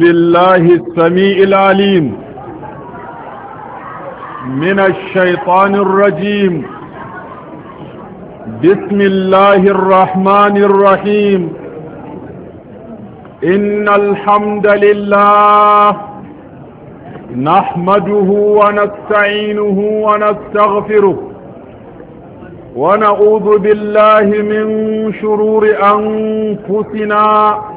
بالله السميع العليم من الشيطان الرجيم بسم الله الرحمن الرحيم إن الحمد لله نحمده ونستعينه ونستغفره ونعوذ بالله من شرور أنفسنا ونعوذ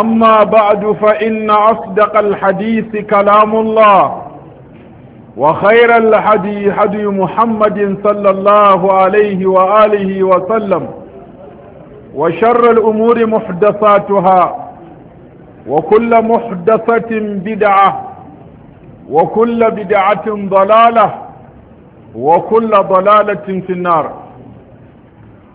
أما بعد فإن أصدق الحديث كلام الله وخير الحديث حدي محمد صلى الله عليه وآله وسلم وشر الأمور محدثاتها وكل محدثة بدعة وكل بدعة ضلالة وكل ضلالة في النار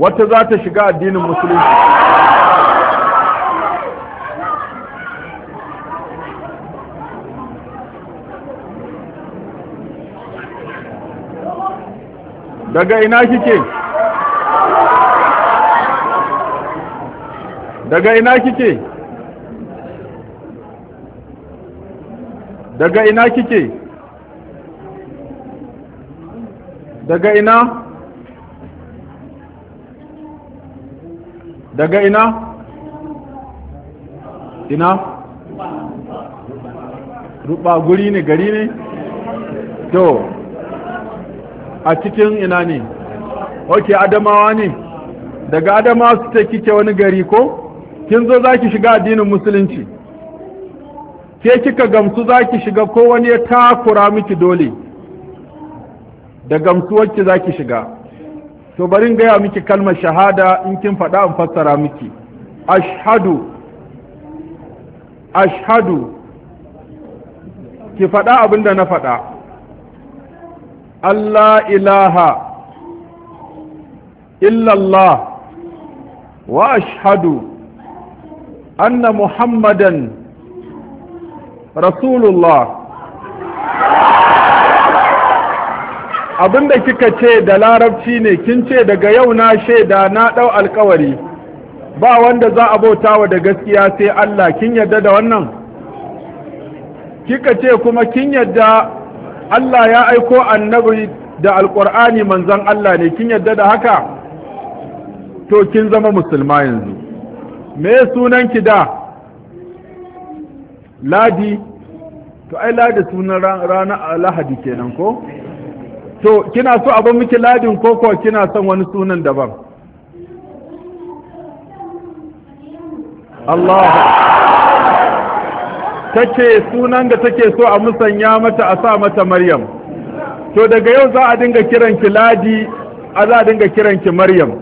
wata za ta shiga addinin musulunci daga ina kike daga ina kike daga ina kike daga ina daga ina ina ruba guri ne gari ne to a cikin ina ne ok adamawa ne daga adamawa su ta kike wani gari ko kin zo za ki shiga addinin musulunci ke kika gamsu za ki shiga ko wani ya takura miki dole da gamsuwar ki za ki shiga to bari in gaya miki kalmar shahada in kin faɗa in fassara miki Ashadu, ashadu. ki faɗa abin da na faɗa Allah ilaha illallah wa ashadu, anna muhammadan rasulullah Abin da kika ce da larabci ne kin ce daga yau na shaida na dau alkawari ba wanda za a wa da gaskiya sai Allah kin yadda da wannan kika ce kuma kin yadda Allah ya aiko annabi da alkur'ani manzon Allah ne kin yadda da haka to kin zama musulma yanzu me sunan ki da ladi to ai ladi sunan ranar lahadi kenan ko to kina so abin miki ladin koko kina son wani sunan daban Allah take sunan da take so a musanya mata a sa mata Maryam to daga yau za a dinga kiran ki ladi a za a dinga kiran ki Maryam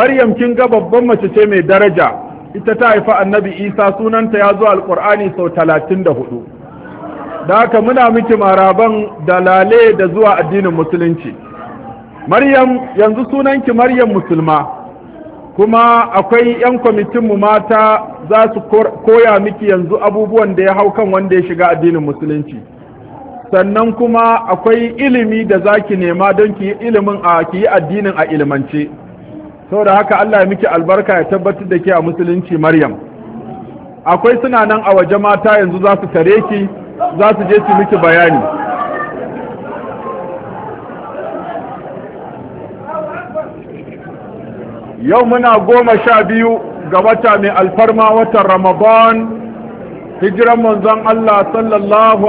Maryam kin ga babban mace ce mai daraja ita ta haifa annabi Isa sunanta ya zo Alƙur'ani sau talatin da 34 da haka muna miki maraban dalale da zuwa addinin musulunci maryam yanzu sunanki maryam musulma kuma akwai 'yan mu mata za su koya miki yanzu abubuwan da ya hau kan wanda ya shiga addinin musulunci sannan kuma akwai ilimi da za ki nema don ki ilimin a ki yi addinin a ilimance saboda haka Allah ya miki albarka ya tabbatar da ke a musulunci maryam akwai suna nan a waje mata yanzu za su tare ki za su je su miki bayani yau muna goma sha biyu ga wata mai alfarma watan ramadan hijiran manzon Allah sallallahu